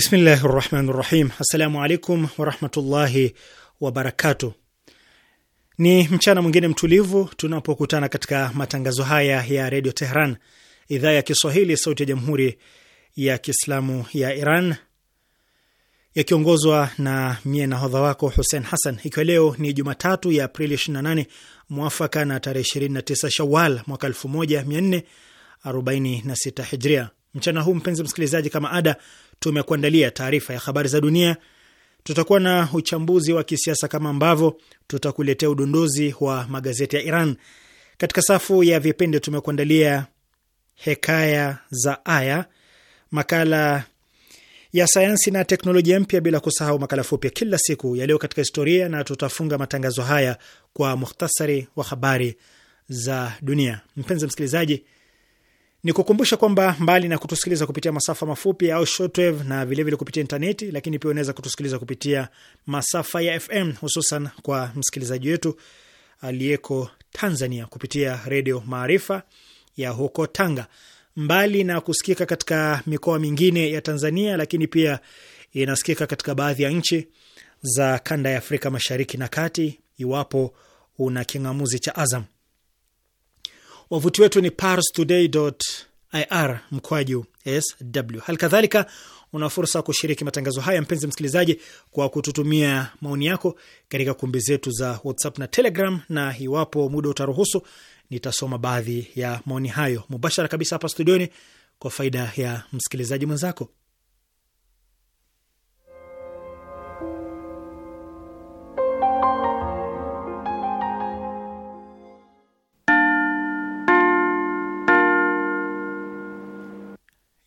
Bismillahi rahmani rahim. Assalamu alaikum warahmatullahi wabarakatu. Ni mchana mwingine mtulivu tunapokutana katika matangazo haya ya redio Tehran, idhaa ya Kiswahili, sauti ya jamhuri ya Kiislamu ya Iran, yakiongozwa na mie nahodha wako Hussein Hassan, ikiwa leo ni Jumatatu ya Aprili 28 mwafaka na tarehe 29 Shawal mwaka 1446 Hijria. Mchana huu mpenzi msikilizaji, kama ada tumekuandalia taarifa ya habari za dunia, tutakuwa na uchambuzi wa kisiasa kama ambavyo tutakuletea udondozi wa magazeti ya Iran. Katika safu ya vipindi tumekuandalia hekaya za aya, makala ya sayansi na teknolojia mpya, bila kusahau makala fupi ya kila siku yaliyo katika historia, na tutafunga matangazo haya kwa muhtasari wa habari za dunia. Mpenzi msikilizaji ni kukumbusha kwamba mbali na kutusikiliza kupitia masafa mafupi au shortwave na vilevile vile kupitia intaneti, lakini pia unaweza kutusikiliza kupitia masafa ya FM hususan kwa msikilizaji wetu aliyeko Tanzania kupitia Redio Maarifa ya huko Tanga. Mbali na kusikika katika mikoa mingine ya Tanzania, lakini pia inasikika katika baadhi ya nchi za kanda ya Afrika Mashariki na Kati, iwapo una king'amuzi cha Azam. Wavuti wetu ni parstoday.ir mkwaju sw. Hali kadhalika una fursa ya kushiriki matangazo haya, mpenzi msikilizaji, kwa kututumia maoni yako katika kumbi zetu za WhatsApp na Telegram, na iwapo muda utaruhusu, nitasoma baadhi ya maoni hayo mubashara kabisa hapa studioni kwa faida ya msikilizaji mwenzako.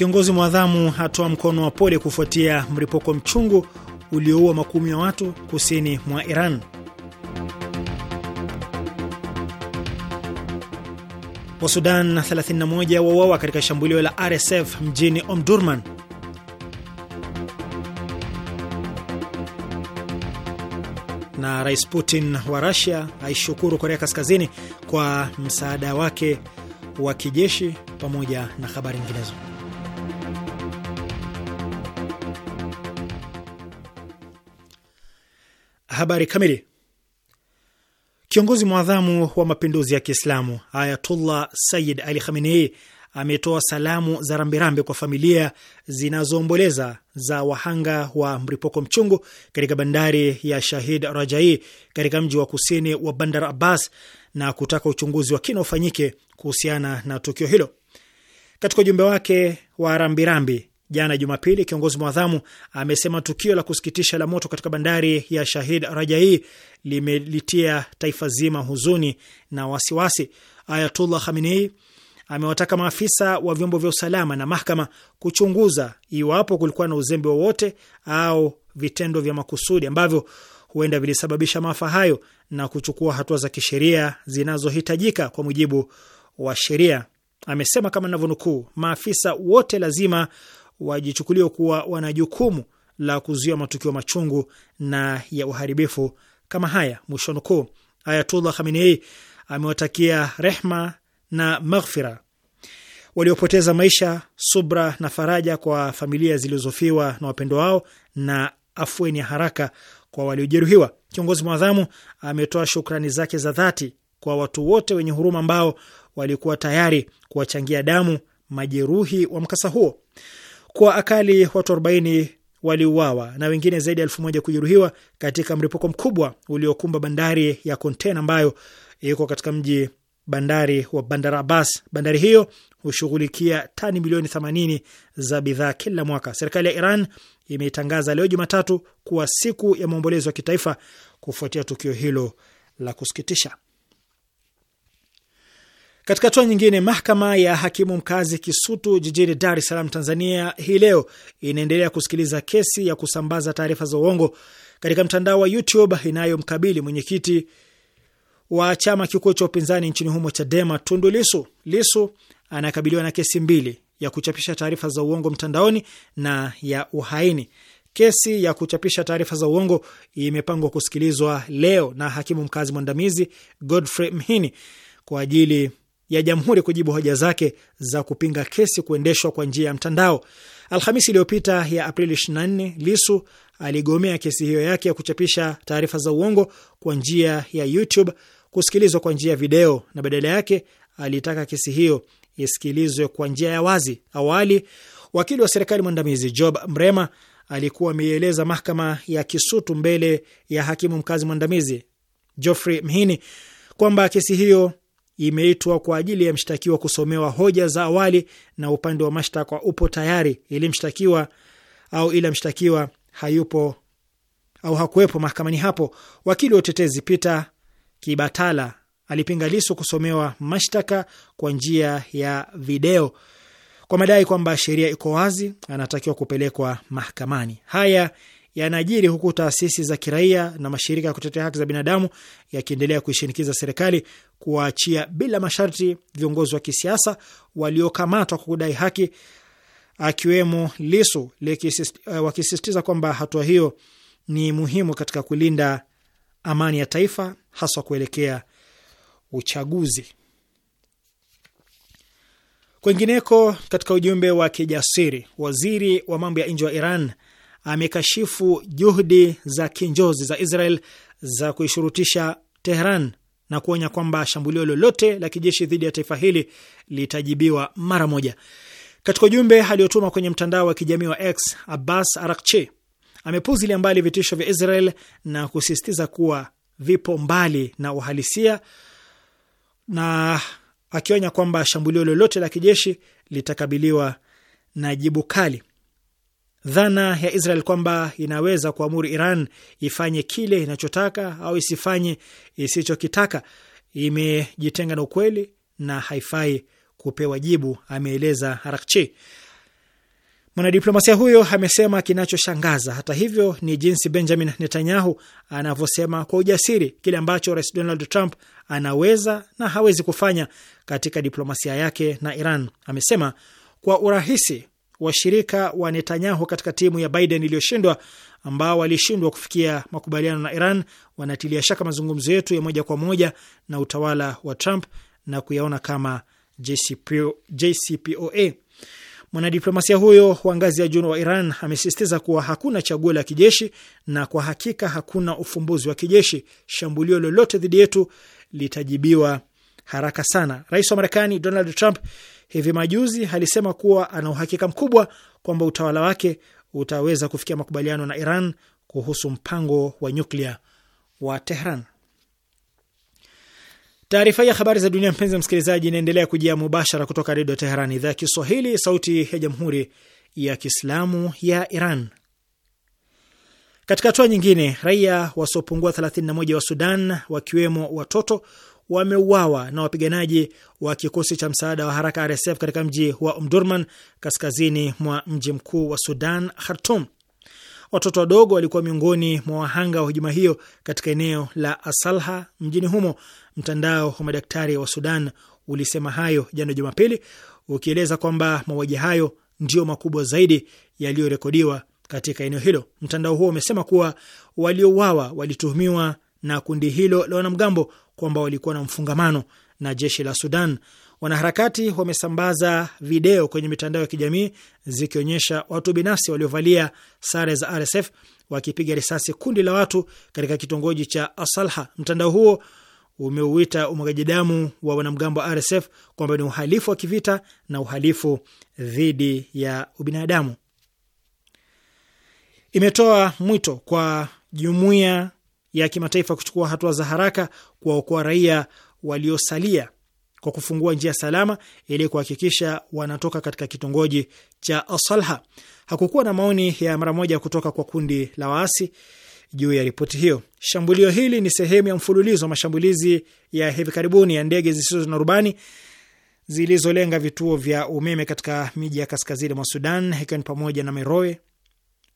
Kiongozi mwadhamu hatoa mkono wa pole kufuatia mlipuko mchungu ulioua makumi ya watu kusini mwa Iran. Wa Sudan 31 wauawa katika shambulio la RSF mjini Omdurman. Na Rais Putin wa rasia aishukuru Korea Kaskazini kwa msaada wake wa kijeshi pamoja na habari nyinginezo. Habari kamili. Kiongozi mwadhamu wa mapinduzi ya Kiislamu Ayatullah Sayyid Ali Khamenei ametoa salamu za rambirambi kwa familia zinazoomboleza za wahanga wa mripuko mchungu katika bandari ya Shahid Rajai katika mji wa kusini wa Bandar Abbas na kutaka uchunguzi wa kina ufanyike kuhusiana na tukio hilo. Katika ujumbe wake wa rambirambi jana Jumapili, kiongozi mwadhamu amesema tukio la kusikitisha la moto katika bandari ya Shahid Rajai limelitia taifa zima huzuni na wasiwasi. Ayatullah Khamenei amewataka maafisa wa vyombo vya usalama na mahakama kuchunguza iwapo kulikuwa na uzembe wowote au vitendo vya makusudi ambavyo huenda vilisababisha maafa hayo na kuchukua hatua za kisheria zinazohitajika kwa mujibu wa sheria. Amesema kama navyonukuu, maafisa wote lazima wajichukulie kuwa wana jukumu la kuzuia matukio machungu na ya uharibifu kama haya. Mwisho nukuu. Ayatullah Khamenei amewatakia rehma na maghfira waliopoteza maisha, subra na faraja kwa familia zilizofiwa na wapendo wao, na afueni ya haraka kwa waliojeruhiwa. Kiongozi mwadhamu ametoa shukrani zake za dhati kwa watu wote wenye huruma ambao walikuwa tayari kuwachangia damu majeruhi wa mkasa huo kwa akali watu 40 waliuawa na wengine zaidi ya elfu moja kujeruhiwa katika mlipuko mkubwa uliokumba bandari ya kontena ambayo iko katika mji bandari wa Bandar Abbas. Bandari hiyo hushughulikia tani milioni 80 za bidhaa kila mwaka. Serikali ya Iran imetangaza leo Jumatatu kuwa siku ya maombolezo ya kitaifa kufuatia tukio hilo la kusikitisha. Katika hatua nyingine, mahakama ya hakimu mkazi Kisutu jijini Dar es Salaam, Tanzania, hii leo inaendelea kusikiliza kesi ya kusambaza taarifa za uongo katika mtandao wa YouTube inayomkabili mwenyekiti wa chama kikuu cha upinzani nchini humo Chadema, Tundu Lisu. Lisu anakabiliwa na kesi mbili, ya kuchapisha taarifa za uongo mtandaoni na ya uhaini. Kesi ya kuchapisha taarifa za uongo imepangwa kusikilizwa leo na hakimu mkazi mwandamizi Godfrey Mhini kwa ajili ya jamhuri kujibu hoja zake za kupinga kesi kuendeshwa kwa njia ya mtandao. Alhamisi iliyopita ya Aprili 24, Lisu aligomea kesi hiyo yake ya kuchapisha taarifa za uongo kwa njia ya YouTube kusikilizwa kwa njia ya video na badala yake alitaka kesi hiyo isikilizwe kwa njia ya wazi. Awali wakili wa serikali mwandamizi Job Mrema alikuwa ameieleza mahakama ya Kisutu mbele ya hakimu mkazi mwandamizi Geoffrey Mhini kwamba kesi hiyo imeitwa kwa ajili ya mshtakiwa kusomewa hoja za awali na upande wa mashtaka upo tayari ili mshtakiwa au ila mshtakiwa hayupo au hakuwepo mahakamani hapo. Wakili wa utetezi Peter Kibatala alipinga Lisu kusomewa mashtaka kwa njia ya video kwa madai kwamba sheria iko wazi, anatakiwa kupelekwa mahakamani. Haya yanajiri huku taasisi za kiraia na mashirika ya kutetea haki za binadamu yakiendelea kuishinikiza serikali kuwaachia bila masharti viongozi wa kisiasa waliokamatwa kwa kudai haki, akiwemo Lisu, eh, wakisisitiza kwamba hatua hiyo ni muhimu katika kulinda amani ya taifa haswa kuelekea uchaguzi. Kwingineko, katika ujumbe wa kijasiri, waziri wa mambo ya nje wa Iran amekashifu juhudi za kinjozi za Israel za kuishurutisha Tehran na kuonya kwamba shambulio lolote la kijeshi dhidi ya taifa hili litajibiwa mara moja. Katika ujumbe aliyotuma kwenye mtandao wa kijamii wa X, Abbas Arakchi amepuzilia mbali vitisho vya Israel na kusisitiza kuwa vipo mbali na uhalisia na akionya kwamba shambulio lolote la kijeshi litakabiliwa na jibu kali. Dhana ya Israel kwamba inaweza kuamuru Iran ifanye kile inachotaka au isifanye isichokitaka imejitenga na ukweli na haifai kupewa jibu, ameeleza Arakchi. Mwanadiplomasia huyo amesema kinachoshangaza hata hivyo ni jinsi Benjamin Netanyahu anavyosema kwa ujasiri kile ambacho Rais Donald Trump anaweza na hawezi kufanya katika diplomasia yake na Iran. Amesema kwa urahisi washirika wa Netanyahu katika timu ya Biden iliyoshindwa ambao walishindwa kufikia makubaliano na Iran wanatilia shaka mazungumzo yetu ya moja kwa moja na utawala wa Trump na kuyaona kama JCPO, JCPOA. Mwanadiplomasia huyo wa ngazi ya juu wa Iran amesisitiza kuwa hakuna chaguo la kijeshi na kwa hakika hakuna ufumbuzi wa kijeshi. Shambulio lolote dhidi yetu litajibiwa haraka sana. Rais wa Marekani Donald Trump hivi majuzi alisema kuwa ana uhakika mkubwa kwamba utawala wake utaweza kufikia makubaliano na Iran kuhusu mpango wa nyuklia wa Tehran. Taarifa hii ya habari za dunia, mpenzi msikilizaji, inaendelea kujia mubashara kutoka Redio Teheran, idhaa ya Kiswahili, sauti ya Jamhuri ya Kiislamu ya Iran. Katika hatua nyingine, raia wasiopungua 31 wa Sudan, wakiwemo watoto, wameuawa na wapiganaji wa kikosi cha msaada wa haraka RSF katika mji wa umdurman kaskazini mwa mji mkuu wa Sudan, Khartum. Watoto wadogo walikuwa miongoni mwa wahanga wa hujuma hiyo katika eneo la Asalha mjini humo. Mtandao wa madaktari wa Sudan ulisema hayo jana Jumapili, ukieleza kwamba mauaji hayo ndio makubwa zaidi yaliyorekodiwa katika eneo hilo. Mtandao huo umesema kuwa waliouawa walituhumiwa na kundi hilo la wanamgambo kwamba walikuwa na mfungamano na jeshi la Sudan. Wanaharakati wamesambaza video kwenye mitandao ya kijamii zikionyesha watu binafsi waliovalia sare za RSF wakipiga risasi kundi la watu katika kitongoji cha Asalha. Mtandao huo umeuita umwagaji damu wa wanamgambo wa RSF kwamba ni uhalifu wa kivita na uhalifu dhidi ya ubinadamu. Imetoa mwito kwa jumuiya ya kimataifa kuchukua hatua za haraka kuwaokoa raia waliosalia kwa kufungua njia salama ili kuhakikisha wanatoka katika kitongoji cha Asalha. Hakukuwa na maoni ya mara moja kutoka kwa kundi la waasi juu ya ripoti hiyo. Shambulio hili ni sehemu ya mfululizo wa mashambulizi ya hivi karibuni ya ndege zisizo na rubani zilizolenga vituo vya umeme katika miji ya kaskazini mwa Sudan, ikiwa ni pamoja na Meroe,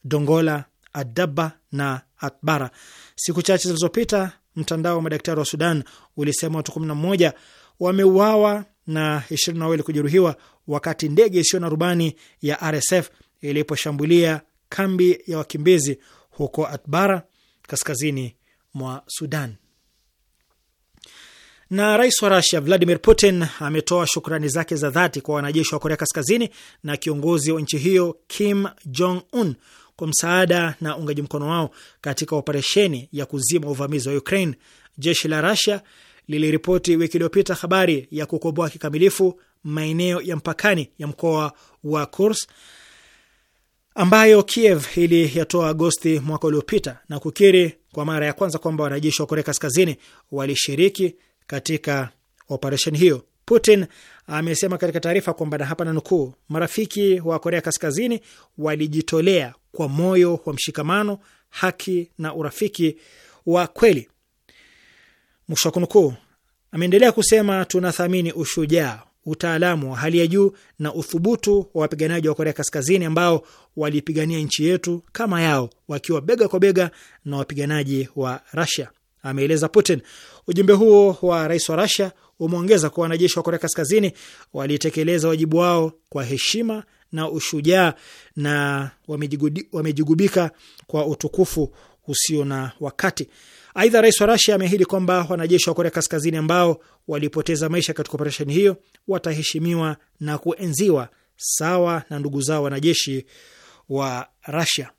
Dongola, Adaba na Atbara. Siku chache zilizopita mtandao wa madaktari wa Sudan ulisema watu 11 wameuawa na 22 kujeruhiwa wakati ndege isiyo na rubani ya RSF iliposhambulia kambi ya wakimbizi huko Atbara kaskazini mwa Sudan. Na rais wa Rusia Vladimir Putin ametoa shukrani zake za dhati kwa wanajeshi wa Korea Kaskazini na kiongozi wa nchi hiyo Kim Jong Un kwa msaada na uungaji mkono wao katika operesheni ya kuzima uvamizi wa Ukraine. Jeshi la Russia liliripoti wiki iliyopita habari ya kukomboa kikamilifu maeneo ya mpakani ya mkoa wa Kurs ambayo Kiev iliyatoa Agosti mwaka uliopita na kukiri kwa mara ya kwanza kwamba wanajeshi wa Korea Kaskazini walishiriki katika operesheni hiyo. Putin amesema katika taarifa kwamba, na hapa na nukuu, marafiki wa Korea Kaskazini walijitolea kwa moyo wa mshikamano, haki na urafiki wa kweli. Mwisho wa kunukuu. Ameendelea kusema tunathamini ushujaa, utaalamu wa hali ya juu na uthubutu wa wapiganaji wa Korea Kaskazini ambao walipigania nchi yetu kama yao, wakiwa bega kwa bega na wapiganaji wa rasia ameeleza Putin. Ujumbe huo wa rais wa rasia umeongeza kuwa wanajeshi wa Korea Kaskazini walitekeleza wajibu wao kwa heshima na ushujaa na wamejigubika kwa utukufu usio na wakati. Aidha, rais wa Rasia ameahidi kwamba wanajeshi wa Korea Kaskazini ambao walipoteza maisha katika operesheni hiyo wataheshimiwa na kuenziwa sawa na ndugu zao wanajeshi wa Rasia.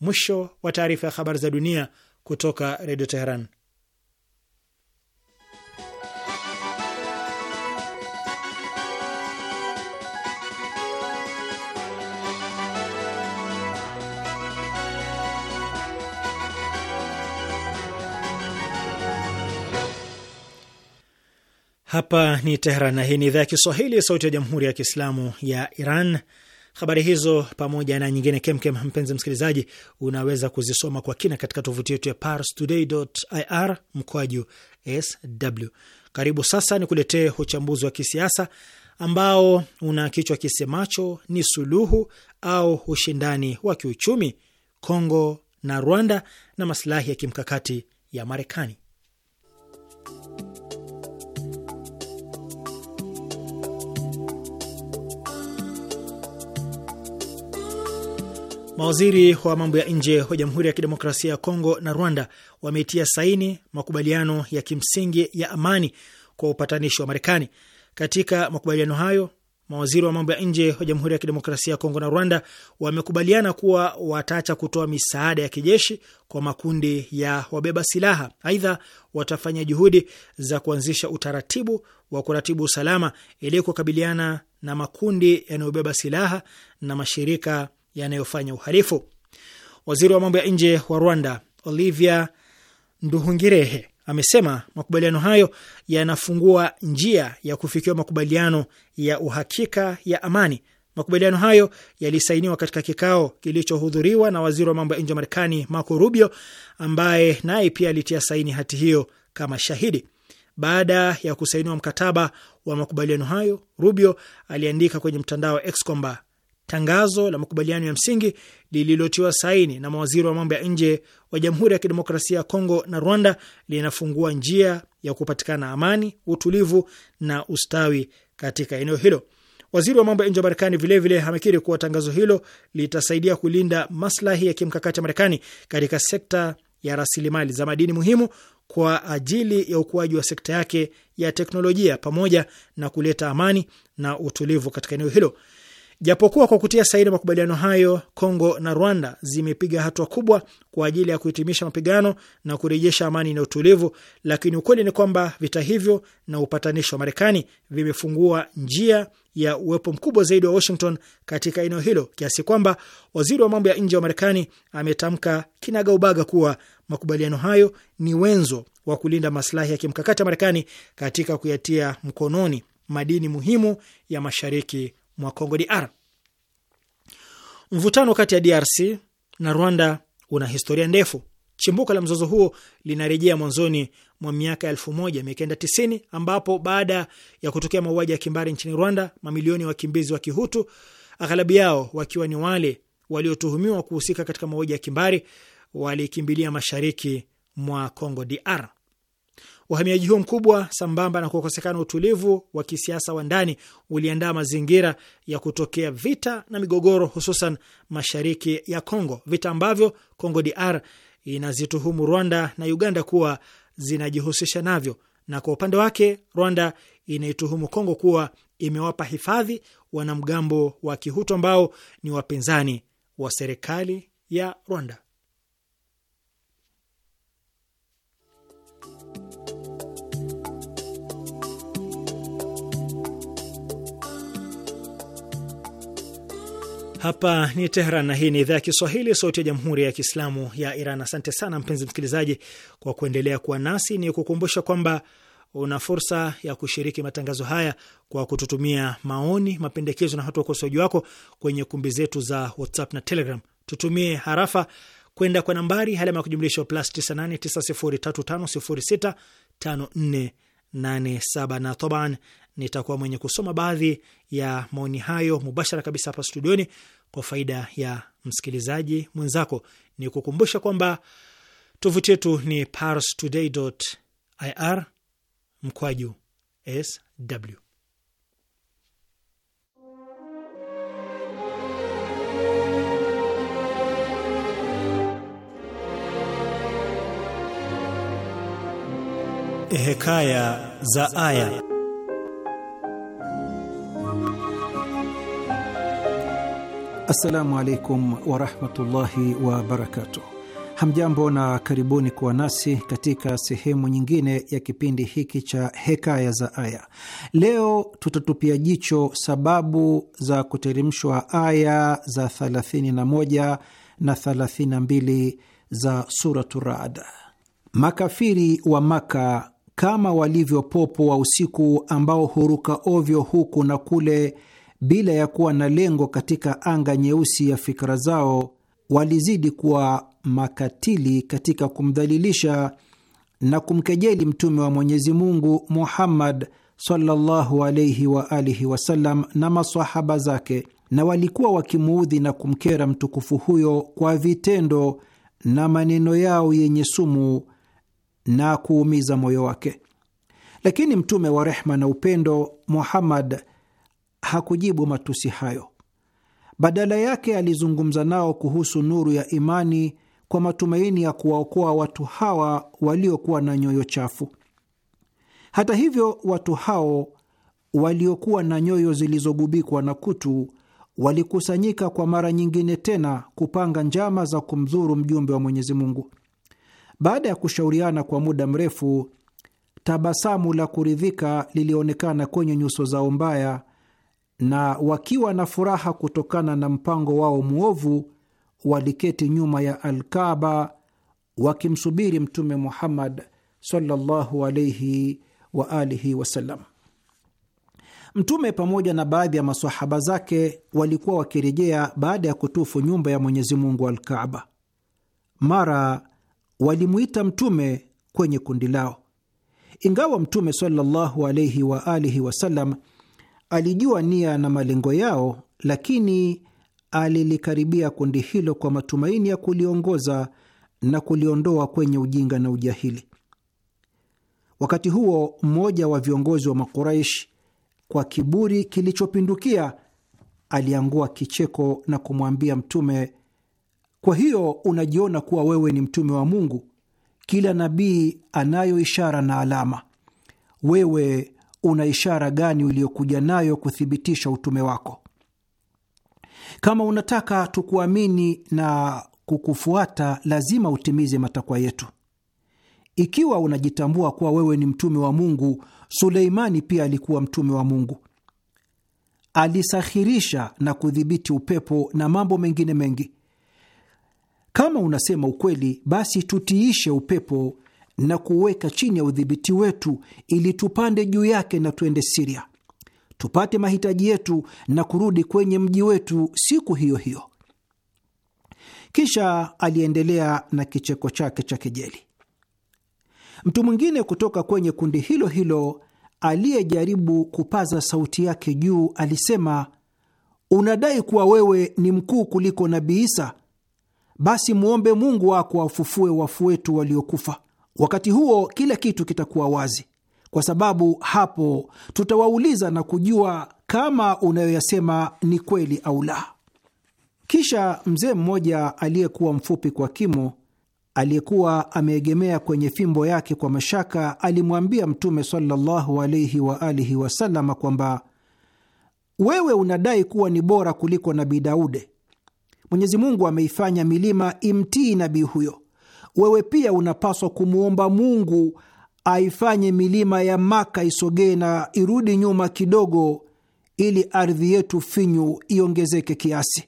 Mwisho wa taarifa ya habari za dunia kutoka Redio Teheran. Hapa ni Tehran na hii ni idhaa ya Kiswahili, sauti ya jamhuri ya kiislamu ya Iran. Habari hizo pamoja na nyingine kemkem, mpenzi msikilizaji, unaweza kuzisoma kwa kina katika tovuti yetu ya parstoday.ir mkoaju sw. Karibu sasa ni kuletee uchambuzi wa kisiasa ambao una kichwa kisemacho ni suluhu au ushindani wa kiuchumi Kongo na Rwanda na masilahi ya kimkakati ya Marekani. Mawaziri wa mambo ya nje wa Jamhuri ya Kidemokrasia ya Kongo na Rwanda wametia saini makubaliano ya kimsingi ya amani kwa upatanishi wa Marekani. Katika makubaliano hayo, mawaziri wa mambo ya nje wa Jamhuri ya Kidemokrasia ya Kongo na Rwanda wamekubaliana kuwa wataacha kutoa misaada ya kijeshi kwa makundi ya wabeba silaha. Aidha, watafanya juhudi za kuanzisha utaratibu wa kuratibu usalama ili kukabiliana na makundi yanayobeba silaha na mashirika yanayofanya uhalifu. Waziri wa mambo ya nje wa Rwanda Olivia Nduhungirehe amesema makubaliano hayo yanafungua njia ya kufikiwa makubaliano ya uhakika ya amani. Makubaliano hayo yalisainiwa katika kikao kilichohudhuriwa na waziri wa mambo ya nje wa Marekani Marco Rubio, ambaye naye pia alitia saini hati hiyo kama shahidi. Baada ya kusainiwa mkataba wa makubaliano hayo, Rubio aliandika kwenye mtandao wa X kwamba tangazo la makubaliano ya msingi lililotiwa saini na mawaziri wa mambo ya nje wa Jamhuri ya Kidemokrasia ya Kongo na Rwanda linafungua njia ya kupatikana amani, utulivu na ustawi katika eneo hilo. Waziri wa mambo ya nje wa Marekani vilevile amekiri kuwa tangazo hilo litasaidia kulinda maslahi ya kimkakati ya Marekani katika sekta ya rasilimali za madini muhimu kwa ajili ya ukuaji wa sekta yake ya teknolojia pamoja na kuleta amani na utulivu katika eneo hilo. Japokuwa kwa kutia saini makubaliano hayo, Kongo na Rwanda zimepiga hatua kubwa kwa ajili ya kuhitimisha mapigano na kurejesha amani na utulivu, lakini ukweli ni kwamba vita hivyo na upatanishi wa Marekani vimefungua njia ya uwepo mkubwa zaidi wa Washington katika eneo hilo, kiasi kwamba waziri wa mambo ya nje wa Marekani ametamka kinagaubaga kuwa makubaliano hayo ni wenzo wa kulinda maslahi ya kimkakati ya Marekani katika kuyatia mkononi madini muhimu ya mashariki mwa Congo DR. Mvutano kati ya DRC na Rwanda una historia ndefu. Chimbuko la mzozo huo linarejea mwanzoni mwa miaka 1990 ambapo baada ya kutokea mauaji ya kimbari nchini Rwanda, mamilioni ya wakimbizi wa Kihutu, aghalabi yao wakiwa ni wale waliotuhumiwa kuhusika katika mauaji ya kimbari, walikimbilia mashariki mwa Congo DR. Uhamiaji huo mkubwa sambamba na kukosekana utulivu wa kisiasa wa ndani uliandaa mazingira ya kutokea vita na migogoro, hususan mashariki ya Kongo, vita ambavyo Kongo DR inazituhumu Rwanda na Uganda kuwa zinajihusisha navyo, na kwa upande wake Rwanda inaituhumu Kongo kuwa imewapa hifadhi wanamgambo wa Kihutu ambao ni wapinzani wa serikali ya Rwanda. Hapa ni Tehran na hii ni idhaa ya Kiswahili, sauti ya jamhuri ya kiislamu ya Iran. Asante sana mpenzi msikilizaji kwa kuendelea kuwa nasi. Ni kukumbusha kwamba una fursa ya kushiriki matangazo haya kwa kututumia maoni, mapendekezo na hata ukosoaji wako kwenye kumbi zetu za WhatsApp na Telegram. Tutumie harafa kwenda kwa nambari halama ya kujumlisha plus 98 na toban nitakuwa mwenye kusoma baadhi ya maoni hayo mubashara kabisa hapa studioni kwa faida ya msikilizaji mwenzako. Ni kukumbusha kwamba tovuti yetu ni parstoday.ir mkwaju sw. Hekaya za Aya. Assalamu alaikum warahmatullahi wabarakatuh. Hamjambo na karibuni kuwa nasi katika sehemu nyingine ya kipindi hiki cha Hekaya za Aya. Leo tutatupia jicho sababu za kuteremshwa aya za 31 na 32 za Suratu Raad. Makafiri wa Maka kama walivyo popo wa usiku ambao huruka ovyo huku na kule bila ya kuwa na lengo katika anga nyeusi ya fikra zao, walizidi kuwa makatili katika kumdhalilisha na kumkejeli mtume wa Mwenyezi Mungu Muhammad sallallahu alayhi wa alihi wasallam na masahaba zake, na walikuwa wakimuudhi na kumkera mtukufu huyo kwa vitendo na maneno yao yenye sumu na kuumiza moyo wake. Lakini mtume wa rehma na upendo Muhammad hakujibu matusi hayo. Badala yake alizungumza nao kuhusu nuru ya imani kwa matumaini ya kuwaokoa watu hawa waliokuwa na nyoyo chafu. Hata hivyo, watu hao waliokuwa na nyoyo zilizogubikwa na kutu walikusanyika kwa mara nyingine tena kupanga njama za kumdhuru mjumbe wa Mwenyezi Mungu. Baada ya kushauriana kwa muda mrefu, tabasamu la kuridhika lilionekana kwenye nyuso zao mbaya na wakiwa na furaha kutokana na mpango wao mwovu, waliketi nyuma ya Alkaba wakimsubiri Mtume Muhammad sallallahu alaihi wa alihi wasallam. Mtume pamoja na baadhi ya masahaba zake walikuwa wakirejea baada ya kutufu nyumba ya Mwenyezi Mungu Alkaaba. Mara walimwita Mtume kwenye kundi lao, ingawa Mtume sallallahu alaihi wa alihi wasallam Alijua nia na malengo yao, lakini alilikaribia kundi hilo kwa matumaini ya kuliongoza na kuliondoa kwenye ujinga na ujahili. Wakati huo mmoja wa viongozi wa Makuraish, kwa kiburi kilichopindukia, aliangua kicheko na kumwambia Mtume, kwa hiyo unajiona kuwa wewe ni mtume wa Mungu? Kila nabii anayo ishara na alama, wewe una ishara gani uliyokuja nayo kuthibitisha utume wako? Kama unataka tukuamini na kukufuata, lazima utimize matakwa yetu. Ikiwa unajitambua kuwa wewe ni mtume wa Mungu, Suleimani pia alikuwa mtume wa Mungu, alisahirisha na kudhibiti upepo na mambo mengine mengi. Kama unasema ukweli, basi tutiishe upepo na kuweka chini ya udhibiti wetu, ili tupande juu yake na tuende Siria tupate mahitaji yetu na kurudi kwenye mji wetu siku hiyo hiyo. Kisha aliendelea na kicheko chake cha kejeli. Mtu mwingine kutoka kwenye kundi hilo hilo aliyejaribu kupaza sauti yake juu alisema, unadai kuwa wewe ni mkuu kuliko Nabii Isa? Basi mwombe Mungu wako afufue wafu wetu waliokufa. Wakati huo kila kitu kitakuwa wazi, kwa sababu hapo tutawauliza na kujua kama unayoyasema ni kweli au la. Kisha mzee mmoja aliyekuwa mfupi kwa kimo, aliyekuwa ameegemea kwenye fimbo yake kwa mashaka, alimwambia Mtume sallallahu alaihi wa alihi wasalama kwamba wewe unadai kuwa ni bora kuliko Nabii Daude. Mwenyezi Mungu ameifanya milima imtii nabii huyo wewe pia unapaswa kumwomba Mungu aifanye milima ya Maka isogee na irudi nyuma kidogo, ili ardhi yetu finyu iongezeke kiasi.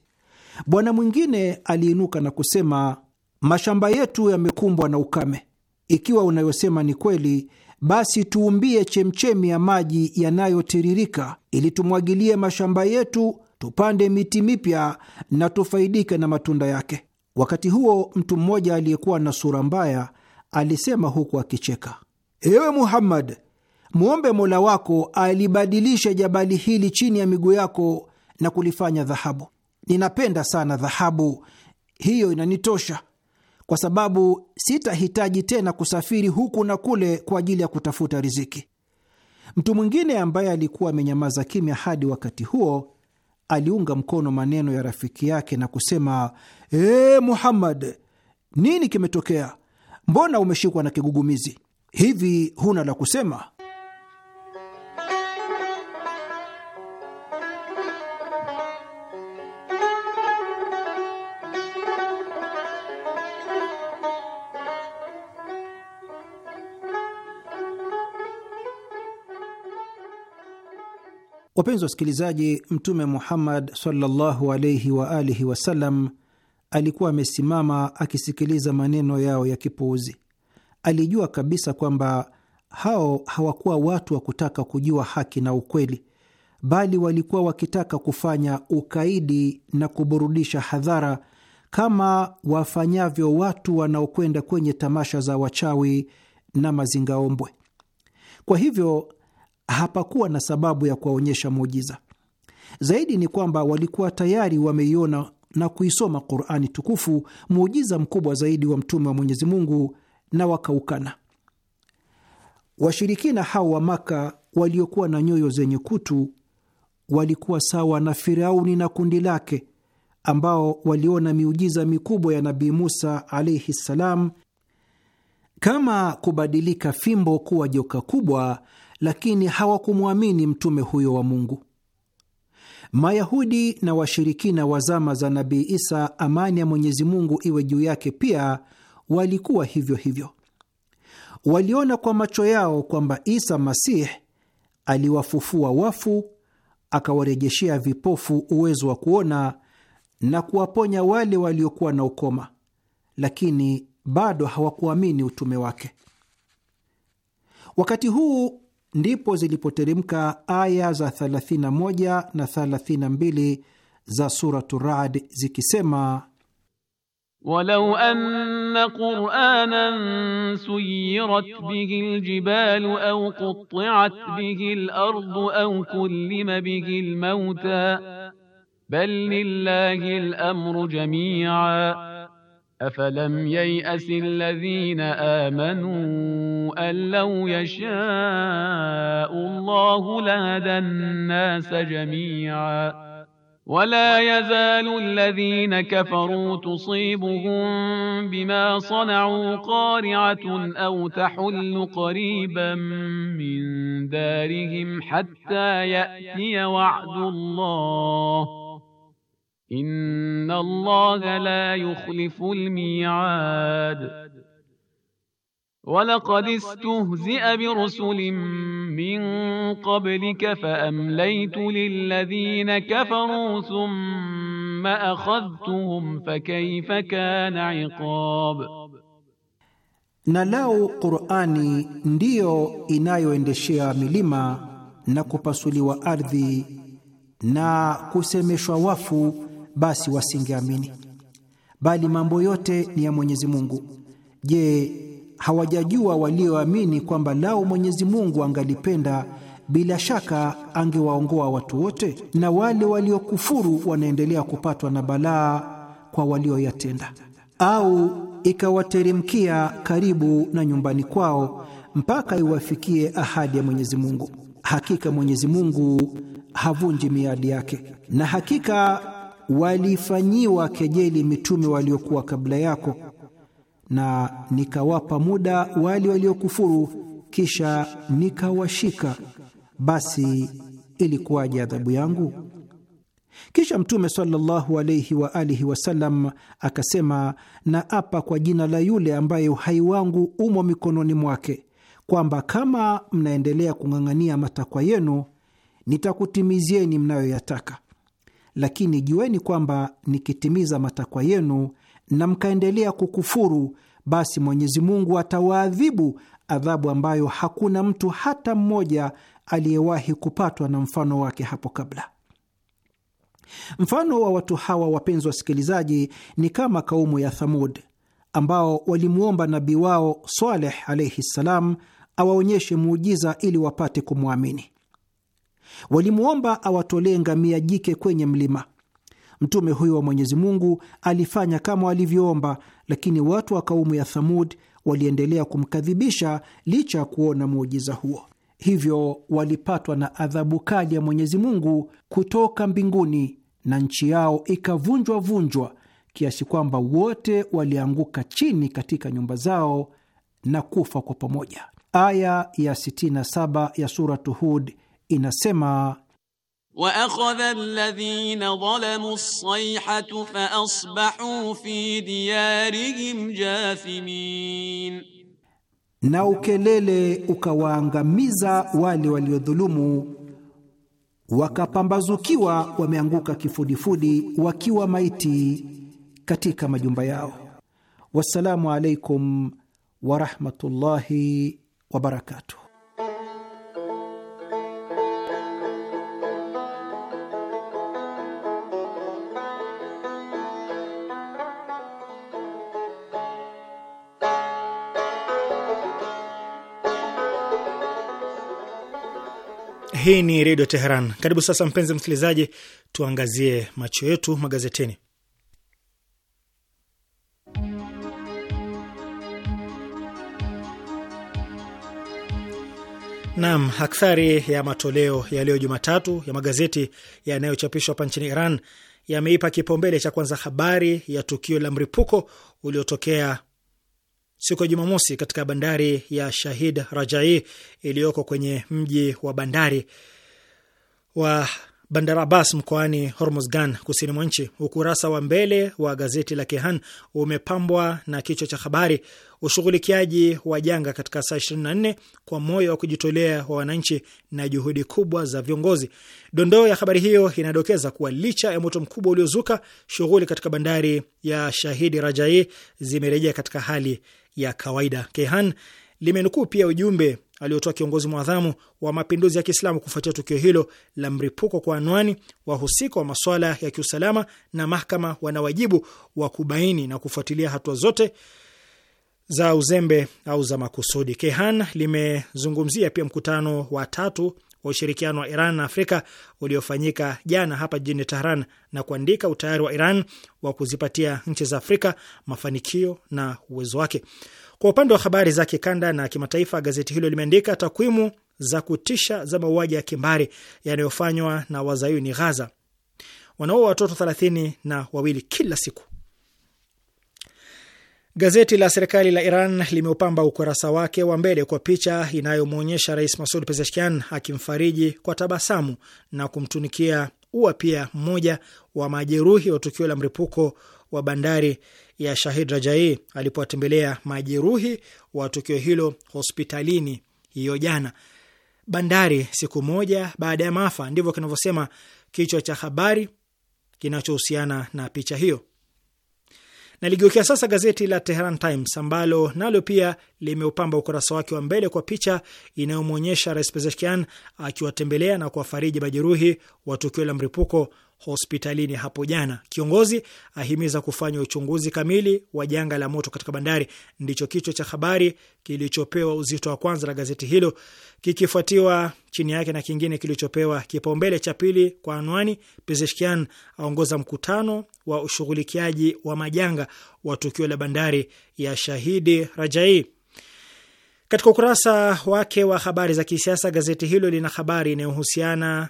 Bwana mwingine aliinuka na kusema, mashamba yetu yamekumbwa na ukame. Ikiwa unayosema ni kweli, basi tuumbie chemchemi ya maji yanayotiririka, ili tumwagilie mashamba yetu, tupande miti mipya na tufaidike na matunda yake. Wakati huo mtu mmoja aliyekuwa na sura mbaya alisema huku akicheka, ewe Muhammad, mwombe Mola wako alibadilishe jabali hili chini ya miguu yako na kulifanya dhahabu. Ninapenda sana dhahabu, hiyo inanitosha kwa sababu sitahitaji tena kusafiri huku na kule kwa ajili ya kutafuta riziki. Mtu mwingine ambaye alikuwa amenyamaza kimya hadi wakati huo aliunga mkono maneno ya rafiki yake na kusema, Ee Muhammad, nini kimetokea? Mbona umeshikwa na kigugumizi hivi? Huna la kusema? Wapenzi wasikilizaji, Mtume Muhammad sallallahu alaihi wa alihi wasallam alikuwa amesimama akisikiliza maneno yao ya kipuuzi. Alijua kabisa kwamba hao hawakuwa watu wa kutaka kujua haki na ukweli, bali walikuwa wakitaka kufanya ukaidi na kuburudisha hadhara kama wafanyavyo watu wanaokwenda kwenye tamasha za wachawi na mazingaombwe. Kwa hivyo hapakuwa na sababu ya kuwaonyesha muujiza. Zaidi ni kwamba walikuwa tayari wameiona na kuisoma Qurani tukufu, muujiza mkubwa zaidi wa mtume wa Mwenyezi Mungu, na wakaukana. Washirikina hao wa Maka waliokuwa na nyoyo zenye kutu walikuwa sawa na Firauni na kundi lake ambao waliona miujiza mikubwa ya Nabii Musa alaihi ssalam, kama kubadilika fimbo kuwa joka kubwa, lakini hawakumwamini mtume huyo wa Mungu. Mayahudi na washirikina wa zama za Nabii Isa, amani ya Mwenyezi Mungu iwe juu yake, pia walikuwa hivyo hivyo. Waliona kwa macho yao kwamba Isa Masih aliwafufua wafu, akawarejeshea vipofu uwezo wa kuona na kuwaponya wale waliokuwa na ukoma, lakini bado hawakuamini utume wake. Wakati huu ndipo zilipoteremka aya za 31 na 32 za Suratu Rad zikisema Walau anna Qur'anan suyirat bihi aljibalu au quti'at bihi alardu au kullima bihi almauta bal lillahi alamru jami'a أفلم ييأس الذين آمنوا أن لو يشاء الله لهدى الناس جميعا ولا يزال الذين كفروا تصيبهم بما صنعوا قارعة أو تحل قريبا من دارهم حتى يأتي وعد الله إن الله لا يخلف الميعاد ولقد استهزئ برسل من قبلك فأمليت للذين كفروا ثم أخذتهم فكيف كان عقاب na lau Qur'ani ndiyo inayoendeshea milima na kupasuliwa ardhi na kusemeshwa wafu basi wasingeamini. Bali mambo yote ni ya Mwenyezi Mungu. Je, hawajajua walioamini kwamba lao Mwenyezi Mungu angalipenda bila shaka angewaongoa watu wote? Na wale waliokufuru wanaendelea kupatwa na balaa kwa walioyatenda, au ikawateremkia karibu na nyumbani kwao mpaka iwafikie ahadi ya Mwenyezi Mungu. Hakika Mwenyezi Mungu havunji miadi yake, na hakika walifanyiwa kejeli mitume waliokuwa kabla yako, na nikawapa muda wale waliokufuru, kisha nikawashika. Basi ilikuwaje adhabu yangu? Kisha Mtume sallallahu alayhi wa alihi wasallam akasema, na apa kwa jina la yule ambaye uhai wangu umo mikononi mwake, kwamba kama mnaendelea kung'ang'ania matakwa yenu, nitakutimizieni mnayoyataka lakini jueni kwamba nikitimiza matakwa yenu na mkaendelea kukufuru, basi Mwenyezi Mungu atawaadhibu adhabu ambayo hakuna mtu hata mmoja aliyewahi kupatwa na mfano wake hapo kabla. Mfano wa watu hawa, wapenzi wasikilizaji, ni kama kaumu ya Thamud ambao walimwomba nabii wao Saleh alaihi ssalam awaonyeshe muujiza ili wapate kumwamini. Walimwomba awatolee ngamia jike kwenye mlima. Mtume huyo wa Mwenyezi Mungu alifanya kama walivyoomba, lakini watu wa kaumu ya Thamud waliendelea kumkadhibisha licha ya kuona muujiza huo. Hivyo walipatwa na adhabu kali ya Mwenyezi Mungu kutoka mbinguni na nchi yao ikavunjwa vunjwa kiasi kwamba wote walianguka chini katika nyumba zao na kufa kwa pamoja. Aya ya 67 ya suratu Hud inasema waakhadha alladhina dhalamu as-sayhatu fa asbahu fi diyarihim jathimin, na ukelele ukawaangamiza wale waliodhulumu wakapambazukiwa wameanguka kifudifudi wakiwa maiti katika majumba yao. Wassalamu alaikum warahmatullahi wabarakatuh. Hii ni Redio Teheran. Karibu sasa, mpenzi msikilizaji, tuangazie macho yetu magazetini. Nam, akthari ya matoleo ya leo Jumatatu ya magazeti yanayochapishwa hapa nchini Iran yameipa kipaumbele cha kwanza habari ya tukio la mripuko uliotokea siku ya Jumamosi katika bandari ya Shahid Rajai iliyoko kwenye mji wa bandari wa Bandar Abbas mkoani hormosgan kusini mwa nchi. Ukurasa wa mbele wa gazeti la Kehan umepambwa na kichwa cha habari, ushughulikiaji wa janga katika saa 24 kwa moyo wa kujitolea wa wananchi na juhudi kubwa za viongozi. Dondoo ya habari hiyo inadokeza kuwa licha ya moto mkubwa uliozuka, shughuli katika bandari ya Shahidi Rajai zimerejea katika hali ya kawaida. Kehan limenukuu pia ujumbe aliotoa kiongozi mwadhamu wa mapinduzi ya Kiislamu kufuatia tukio hilo la mripuko, kwa anwani wahusika wa masuala ya kiusalama na mahakama wana wajibu wa kubaini na kufuatilia hatua zote za uzembe au za makusudi. Kehan limezungumzia pia mkutano wa tatu wa ushirikiano wa Iran na Afrika uliofanyika jana hapa jijini Tehran na kuandika utayari wa Iran wa kuzipatia nchi za Afrika mafanikio na uwezo wake. Kwa upande wa habari za kikanda na kimataifa, gazeti hilo limeandika takwimu za kutisha za mauaji ya kimbari yanayofanywa na wazayuni Ghaza, wanaua watoto thelathini na wawili kila siku. Gazeti la serikali la Iran limeupamba ukurasa wake wa mbele kwa picha inayomwonyesha Rais Masud Pezeshkian akimfariji kwa tabasamu na kumtunikia ua pia mmoja wa majeruhi wa tukio la mlipuko wa bandari ya Shahid Rajai alipowatembelea majeruhi wa tukio hilo hospitalini hiyo jana. Bandari siku moja baada ya maafa, ndivyo kinavyosema kichwa cha habari kinachohusiana na picha hiyo. Na ligeukia sasa gazeti la tehran Times ambalo nalo pia limeupamba ukurasa wake wa mbele kwa picha inayomwonyesha Rais Pezeshkian akiwatembelea na kuwafariji majeruhi wa tukio la mripuko hospitalini hapo jana. Kiongozi ahimiza kufanya uchunguzi kamili wa janga la moto katika bandari, ndicho kichwa cha habari kilichopewa uzito wa kwanza la gazeti hilo, kikifuatiwa chini yake na kingine kilichopewa kipaumbele cha pili kwa anwani, Pezeshkian aongoza mkutano wa ushughulikiaji wa majanga wa tukio la bandari ya Shahidi Rajai. Katika ukurasa wake wa habari za kisiasa, gazeti hilo lina habari inayohusiana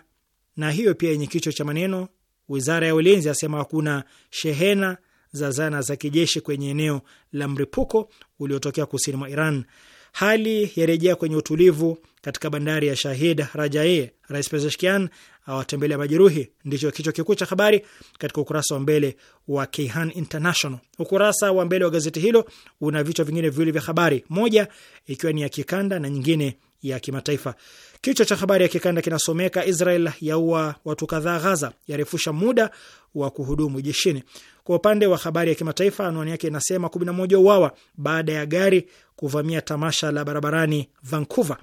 na hiyo pia yenye kichwa cha maneno Wizara ya ulinzi asema hakuna shehena za zana za kijeshi kwenye eneo la mripuko uliotokea kusini mwa Iran. Hali yarejea kwenye utulivu katika bandari ya Shahid rajai Rais Pezeshkian awatembelea majeruhi, ndicho kichwa kikuu cha habari katika ukurasa wa mbele wa Kayhan International. Ukurasa wa mbele wa gazeti hilo una vichwa vingine viwili vya habari, moja ikiwa ni ya kikanda na nyingine ya kimataifa. Kichwa cha habari ya kikanda kinasomeka Israel yaua watu kadhaa Ghaza, yarefusha muda wa kuhudumu jeshini. Kwa upande wa habari ya kimataifa, anwani yake inasema 11 uawa baada ya gari kuvamia tamasha la barabarani Vancouver.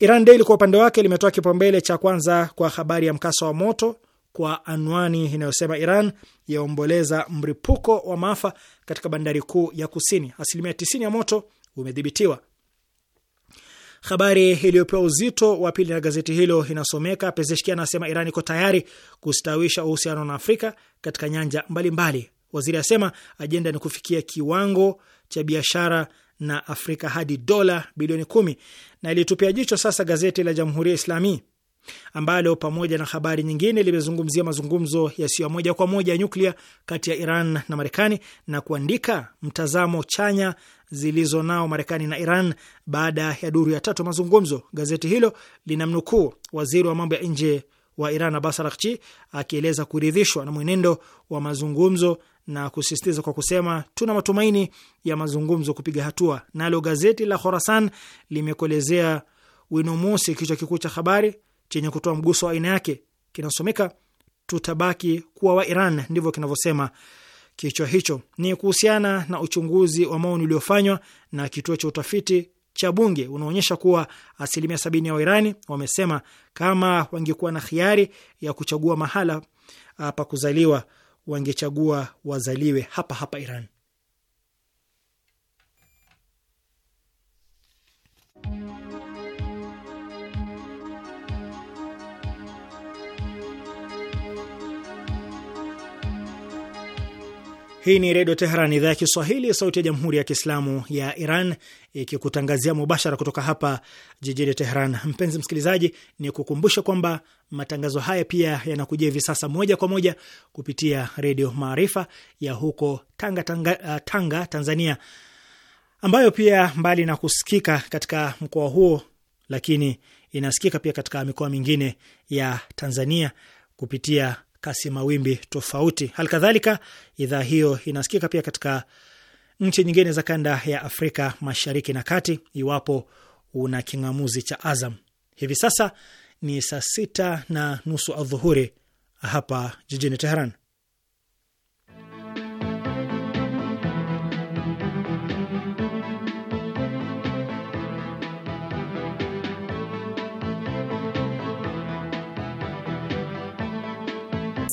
Iran Daily kwa upande wake limetoa kipaumbele cha kwanza kwa habari ya mkasa wa moto kwa anwani inayosema Iran yaomboleza mripuko wa maafa katika bandari kuu ya kusini, asilimia 90 ya moto umedhibitiwa. Habari iliyopewa uzito wa pili na gazeti hilo inasomeka Pezeshkian anasema Iran iko tayari kustawisha uhusiano na Afrika katika nyanja mbalimbali mbali. Waziri asema ajenda ni kufikia kiwango cha biashara na Afrika hadi dola bilioni kumi. Na ilitupia jicho sasa gazeti la Jamhuri ya Islami ambalo pamoja na habari nyingine limezungumzia mazungumzo yasiyo moja kwa moja ya nyuklia kati ya Iran na Marekani na kuandika mtazamo chanya zilizo nao Marekani na Iran baada ya duru ya tatu mazungumzo. Gazeti hilo linamnukuu waziri wa mambo ya nje wa Iran Abbas Araghchi akieleza kuridhishwa na mwenendo wa mazungumzo na kusisitiza kwa kusema, tuna matumaini ya mazungumzo kupiga hatua. Nalo gazeti la Khorasan limekuelezea winomusi kichwa kikuu cha habari chenye kutoa mguso wa aina yake kinasomeka tutabaki kuwa wa Iran, ndivyo kinavyosema kichwa hicho. Ni kuhusiana na uchunguzi wa maoni uliofanywa na kituo cha utafiti cha bunge unaonyesha kuwa asilimia sabini ya Wairani wamesema kama wangekuwa na hiari ya kuchagua mahala ah, pa kuzaliwa wangechagua wazaliwe hapa hapa Iran. Hii ni Redio Teheran, idhaa ya Kiswahili, sauti ya Jamhuri ya Kiislamu ya Iran, ikikutangazia mubashara kutoka hapa jijini Teheran. Mpenzi msikilizaji, ni kukumbusha kwamba matangazo haya pia yanakujia hivi sasa moja kwa moja kupitia Redio Maarifa ya huko Tanga, Tanga, eh, Tanga, Tanzania, ambayo pia mbali na kusikika katika mkoa huo, lakini inasikika pia katika mikoa mingine ya Tanzania kupitia kasi mawimbi tofauti. kadhalika idhaa hiyo inasikika pia katika nchi nyingine za kanda ya Afrika Mashariki na Kati, iwapo una king'amuzi cha Azam. Hivi sasa ni saa sita na nusu adhuhuri hapa jijini Teheran.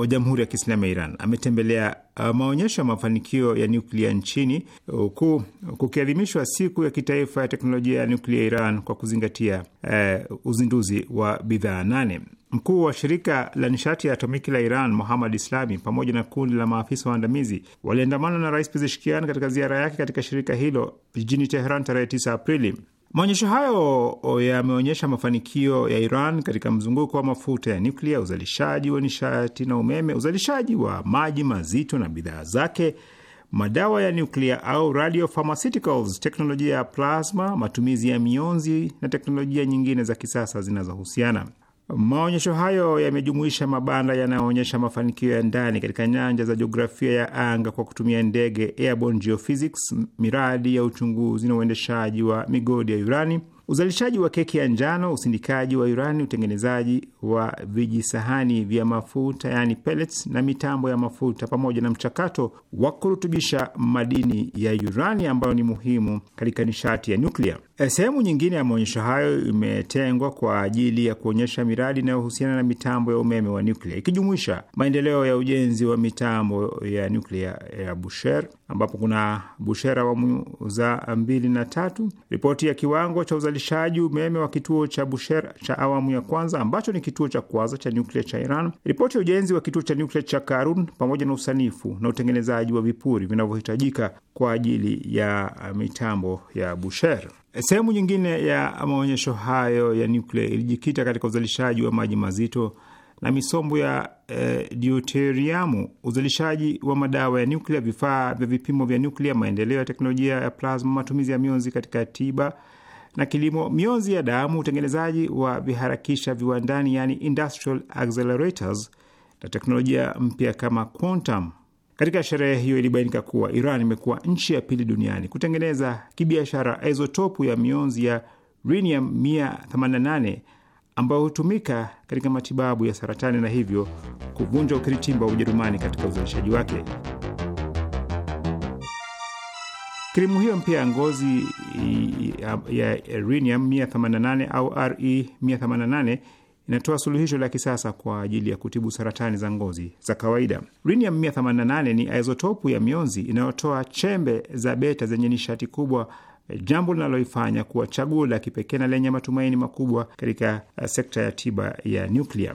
wa Jamhuri ya Kiislamu ya Iran ametembelea uh, maonyesho ya mafanikio ya nyuklia nchini huku uh, kukiadhimishwa siku ya kitaifa ya teknolojia ya nyuklia Iran kwa kuzingatia uh, uzinduzi wa bidhaa nane. Mkuu wa shirika la nishati ya atomiki la Iran Muhammad Islami pamoja na kundi la maafisa waandamizi waliandamana na Rais Pezeshkian katika ziara yake katika shirika hilo jijini Teheran tarehe 9 Aprili. Maonyesho hayo yameonyesha mafanikio ya Iran katika mzunguko wa mafuta ya nyuklia, uzalishaji wa nishati na umeme, uzalishaji wa maji mazito na bidhaa zake, madawa ya nyuklia au radio teknolojia ya plasma, matumizi ya mionzi na teknolojia nyingine za kisasa zinazohusiana. Maonyesho hayo yamejumuisha mabanda yanayoonyesha mafanikio ya ndani katika nyanja za jiografia ya anga kwa kutumia ndege, airborne geophysics, miradi ya uchunguzi na uendeshaji wa migodi ya urani uzalishaji wa keki ya njano, usindikaji wa urani, utengenezaji wa vijisahani vya mafuta yani pellets, na mitambo ya mafuta pamoja na mchakato wa kurutubisha madini ya urani ambayo ni muhimu katika nishati ya nyuklia. E, sehemu nyingine ya maonyesho hayo imetengwa kwa ajili ya kuonyesha miradi inayohusiana na mitambo ya umeme wa nyuklia ikijumuisha maendeleo ya ujenzi wa mitambo ya nyuklia ya Busher ambapo kuna Busher awamu za mbili na tatu, ripoti ya kiwango cha uzalishaji uzalishaji umeme wa kituo cha Busher cha awamu ya kwanza ambacho ni kituo cha kwanza cha nyuklia cha Iran, ripoti ya ujenzi wa kituo cha nyuklia cha Karun pamoja na usanifu na utengenezaji wa vipuri vinavyohitajika kwa ajili ya mitambo ya Busher. Sehemu nyingine ya maonyesho hayo ya nyuklia ilijikita katika uzalishaji wa maji mazito na misombo ya eh, deuteriamu, uzalishaji wa madawa ya nyuklia, vifaa vya vipimo vya nyuklia, maendeleo ya teknolojia ya plasma, matumizi ya mionzi katika tiba na kilimo, mionzi ya damu, utengenezaji wa viharakisha viwandani, yani industrial accelerators, na teknolojia mpya kama quantum. Katika sherehe hiyo ilibainika kuwa Iran imekuwa nchi ya pili duniani kutengeneza kibiashara isotopu ya mionzi ya rhenium 188 ambayo hutumika katika matibabu ya saratani na hivyo kuvunja ukiritimba wa Ujerumani katika uzalishaji wake. Krimu hiyo mpya ya ngozi ya Rhenium 188 au Re 188 inatoa suluhisho la kisasa kwa ajili ya kutibu saratani za ngozi za kawaida. Rhenium 188 ni aizotopu ya mionzi inayotoa chembe za beta zenye nishati kubwa, jambo linaloifanya kuwa chaguo la kipekee na lenye matumaini makubwa katika uh, sekta ya tiba ya nyuklia.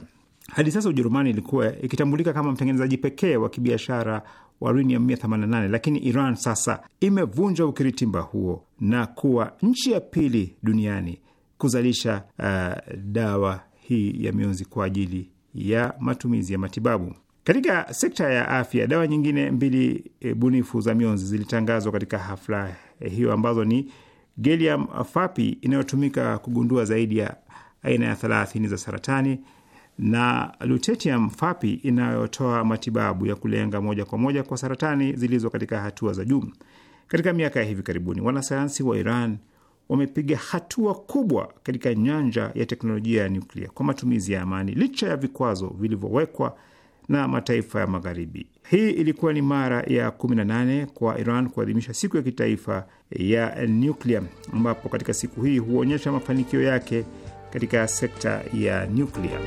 Hadi sasa Ujerumani ilikuwa ikitambulika kama mtengenezaji pekee wa kibiashara wa uranium 188 lakini Iran sasa imevunja ukiritimba huo na kuwa nchi ya pili duniani kuzalisha uh, dawa hii ya mionzi kwa ajili ya matumizi ya matibabu. Katika sekta ya afya, dawa nyingine mbili e, bunifu za mionzi zilitangazwa katika hafla e, hiyo ambazo ni gallium fapi inayotumika kugundua zaidi ya aina ya thelathini za saratani na lutetium fapi inayotoa matibabu ya kulenga moja kwa moja kwa saratani zilizo katika hatua za juu. Katika miaka ya hivi karibuni, wanasayansi wa Iran wamepiga hatua kubwa katika nyanja ya teknolojia ya nyuklia kwa matumizi ya amani, licha ya vikwazo vilivyowekwa na mataifa ya Magharibi. Hii ilikuwa ni mara ya 18 kwa Iran kuadhimisha siku ya kitaifa ya nyuklia, ambapo katika siku hii huonyesha mafanikio yake katika sekta ya nyuklia.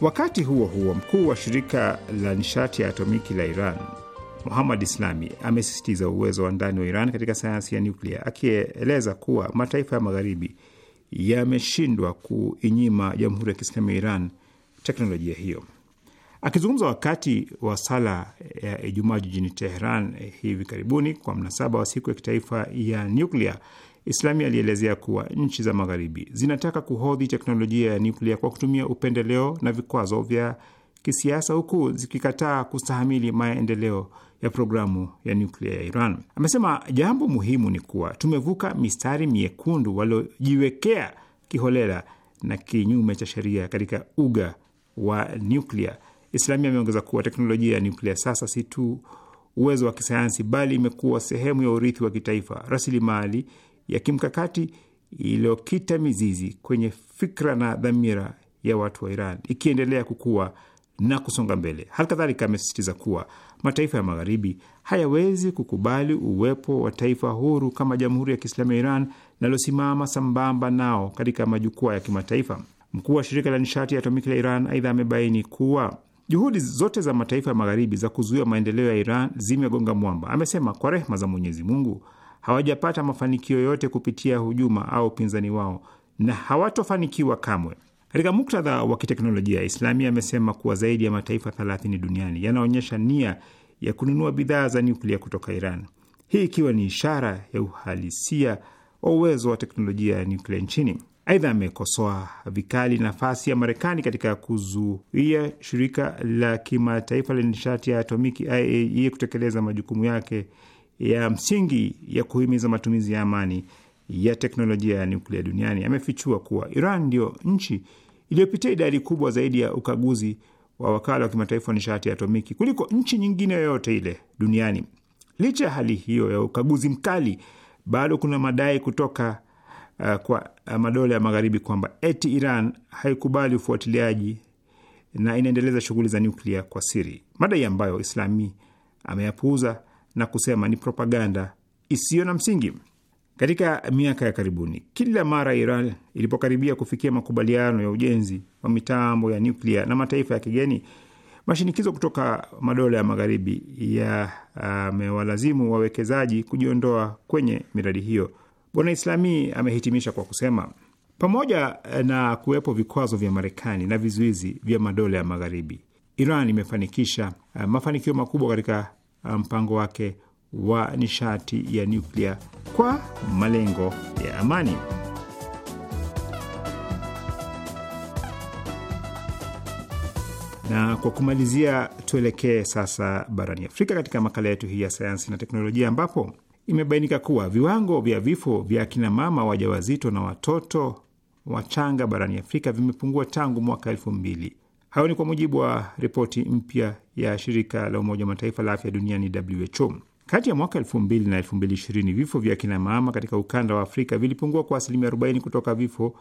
Wakati huo huo, mkuu wa shirika la nishati ya atomiki la Iran Muhammad Islami amesisitiza uwezo wa ndani wa Iran katika sayansi ya nyuklia, akieleza kuwa mataifa ya Magharibi yameshindwa kuinyima Jamhuri ya Kiislamu ya Iran teknolojia hiyo. Akizungumza wakati wa sala ya Ijumaa jijini Teheran hivi karibuni kwa mnasaba wa siku ya kitaifa ya nyuklia, Islami alielezea kuwa nchi za Magharibi zinataka kuhodhi teknolojia ya nyuklia kwa kutumia upendeleo na vikwazo vya kisiasa huku zikikataa kustahamili maendeleo ya programu ya nyuklia ya Iran. Amesema jambo muhimu ni kuwa tumevuka mistari miekundu waliojiwekea kiholela na kinyume cha sheria katika uga wa nyuklia. Islami ameongeza kuwa teknolojia ya nyuklia sasa si tu uwezo wa kisayansi, bali imekuwa sehemu ya urithi wa kitaifa, rasilimali ya kimkakati iliyokita mizizi kwenye fikra na dhamira ya watu wa Iran ikiendelea kukua na kusonga mbele. Hali kadhalika amesisitiza kuwa mataifa ya Magharibi hayawezi kukubali uwepo wa taifa huru kama Jamhuri ya Kiislamu ya Iran inalosimama sambamba nao katika majukwaa ya kimataifa. Mkuu wa shirika la nishati ya atomiki la Iran aidha amebaini kuwa juhudi zote za mataifa ya Magharibi za kuzuia maendeleo ya Iran zimegonga mwamba. Amesema kwa rehma za Mwenyezi Mungu, hawajapata mafanikio yote kupitia hujuma au upinzani wao na hawatofanikiwa kamwe. Katika muktadha wa kiteknolojia, Islamia amesema kuwa zaidi ya mataifa 30 duniani yanaonyesha nia ya kununua bidhaa za nyuklia kutoka Iran, hii ikiwa ni ishara ya uhalisia wa uwezo wa teknolojia ya nyuklia nchini. Aidha, amekosoa vikali nafasi ya Marekani katika kuzuia shirika la kimataifa la nishati ya atomiki IAEA e, kutekeleza majukumu yake ya msingi ya kuhimiza matumizi ya amani ya teknolojia ya nuklia duniani amefichua kuwa Iran ndio nchi iliyopitia idadi kubwa zaidi ya ukaguzi wa wakala wa kimataifa wa nishati ya atomiki kuliko nchi nyingine yoyote ile duniani. Licha ya hali hiyo ya ukaguzi mkali, bado kuna madai kutoka uh, kwa uh, madola ya magharibi kwamba eti Iran haikubali ufuatiliaji na inaendeleza shughuli za nuklia kwa siri, madai ambayo Islami ameyapuuza na kusema ni propaganda isiyo na msingi. Katika miaka ya karibuni, kila mara Iran ilipokaribia kufikia makubaliano ya ujenzi wa mitambo ya nyuklia na mataifa ya kigeni, mashinikizo kutoka madola ya magharibi yamewalazimu uh, wawekezaji kujiondoa kwenye miradi hiyo. Bwana Islami amehitimisha kwa kusema, pamoja na kuwepo vikwazo vya Marekani na vizuizi vya madola ya magharibi, Iran imefanikisha uh, mafanikio makubwa katika mpango wake wa nishati ya nyuklia kwa malengo ya amani. Na kwa kumalizia, tuelekee sasa barani Afrika katika makala yetu hii ya sayansi na teknolojia, ambapo imebainika kuwa viwango vya vifo vya akinamama wajawazito na watoto wachanga barani Afrika vimepungua tangu mwaka elfu mbili Hayo ni kwa mujibu wa ripoti mpya ya shirika la Umoja wa Mataifa la afya duniani WHO. Kati ya mwaka elfu na vifo vya kinamama katika ukanda wa Afrika vilipungua kwa asilimia 40 kutoka vifo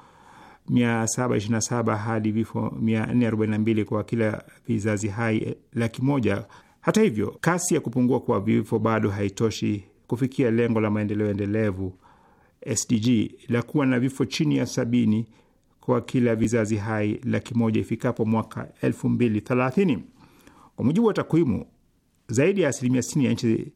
727 hadi vifo 442 kwa kila vizazi hai eh, laki moja. Hata hivyo, kasi ya kupungua kwa vifo bado haitoshi kufikia lengo la maendeleo endelevu SDG la kuwa na vifo chini ya sabini kwa kila vizazi hai laki moja ifikapo mwaka 2030. Kwa mujibu wa takwimu, zaidi ya asilimia 60 ya nchi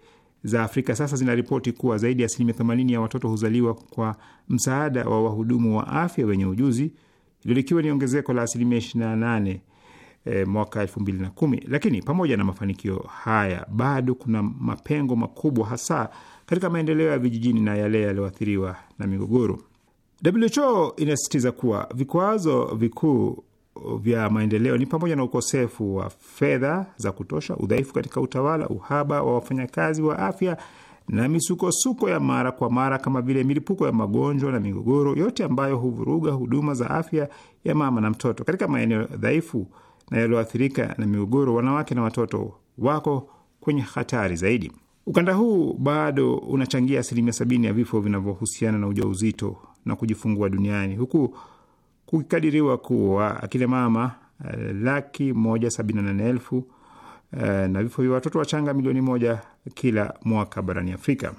za Afrika sasa zinaripoti kuwa zaidi ya asilimia 80 ya watoto huzaliwa kwa msaada wa wahudumu wa afya wenye ujuzi, hilo likiwa ni ongezeko la asilimia 28 E, mwaka kumi. Lakini pamoja na mafanikio haya bado kuna mapengo makubwa hasa katika maendeleo ya vijijini na yale yaliyoathiriwa na migogoro. WHO inasisitiza kuwa vikwazo vikuu vya maendeleo ni pamoja na ukosefu wa fedha za kutosha, udhaifu katika utawala, uhaba wa wafanyakazi wa afya na misukosuko ya mara kwa mara kama vile milipuko ya magonjwa na migogoro, yote ambayo huvuruga huduma za afya ya mama na mtoto. Katika maeneo dhaifu na yaliyoathirika na migogoro, wanawake na watoto wako kwenye hatari zaidi. Ukanda huu bado unachangia asilimia sabini ya vifo vinavyohusiana na ujauzito na kujifungua duniani huku kukikadiriwa kuwa akina mama eh, laki moja sabini na nane elfu eh, na vifo vya watoto wachanga milioni moja kila mwaka barani Afrika.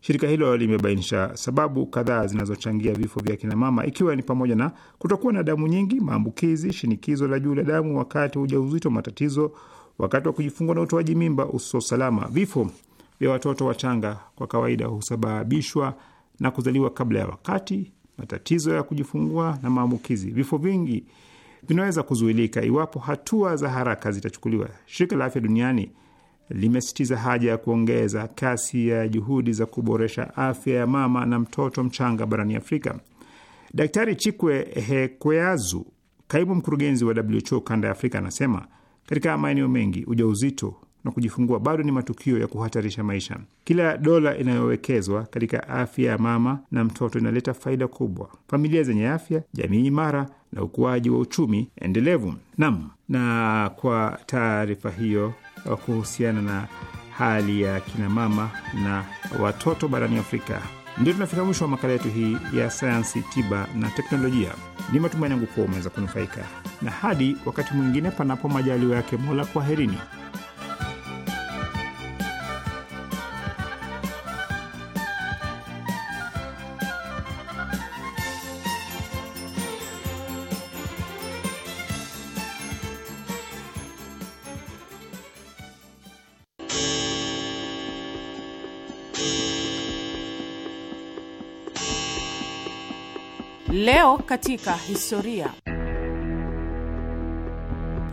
Shirika hilo limebainisha sababu kadhaa zinazochangia vifo vya kina mama ikiwa ni pamoja na kutokuwa na damu nyingi, maambukizi, shinikizo la juu la damu wakati wa ujauzito, matatizo wakati wa kujifungua na utoaji mimba usio salama. Vifo vya watoto wachanga kwa kawaida husababishwa na kuzaliwa kabla ya wakati, matatizo ya kujifungua na maambukizi. Vifo vingi vinaweza kuzuilika iwapo hatua za haraka zitachukuliwa. Shirika la Afya Duniani limesitiza haja ya kuongeza kasi ya juhudi za kuboresha afya ya mama na mtoto mchanga barani Afrika. Daktari Chikwe Hekweazu, kaimu mkurugenzi wa WHO kanda ya Afrika, anasema katika maeneo mengi ujauzito na kujifungua bado ni matukio ya kuhatarisha maisha. Kila dola inayowekezwa katika afya ya mama na mtoto inaleta faida kubwa: familia zenye afya, jamii imara na ukuaji wa uchumi endelevu. Nam, na kwa taarifa hiyo uh, kuhusiana na hali ya kinamama na watoto barani Afrika, ndio tunafika mwisho wa makala yetu hii ya sayansi, tiba na teknolojia. Ni matumaini yangu kuwa umeweza kunufaika, na hadi wakati mwingine, panapo majaliwa yake Mola, kwaherini. Leo katika historia.